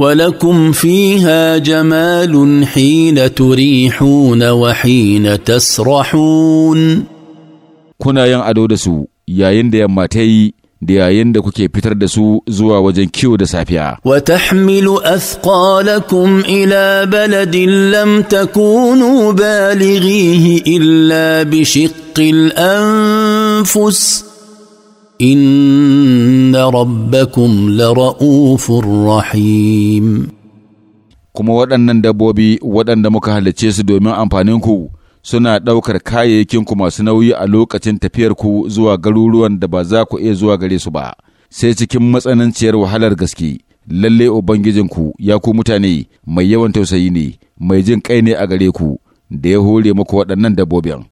ولكم fiha Jamalun, حين تريحون وحين تسرحون kuna yin ado da su yayin da yamma ta da yayin da kuke fitar da su zuwa wajen kiwo da safiya. Wa tahmilu athqalakum ila baladin lam takunu balighihi illa bi shiqqil anfus. Inna ان ربكم لرؤوف رحيم kuma waɗannan dabbobi waɗanda muka halicce su domin amfaninku suna ɗaukar kayayyakinku masu nauyi a lokacin tafiyarku zuwa garuruwan da ba za ku iya zuwa gare su ba sai cikin matsananciyar wahalar gaske lalle ubangijinku ya ku mutane mai yawan tausayi ne mai jin kai ne a gare ku da ya hore muku waɗannan dabbobin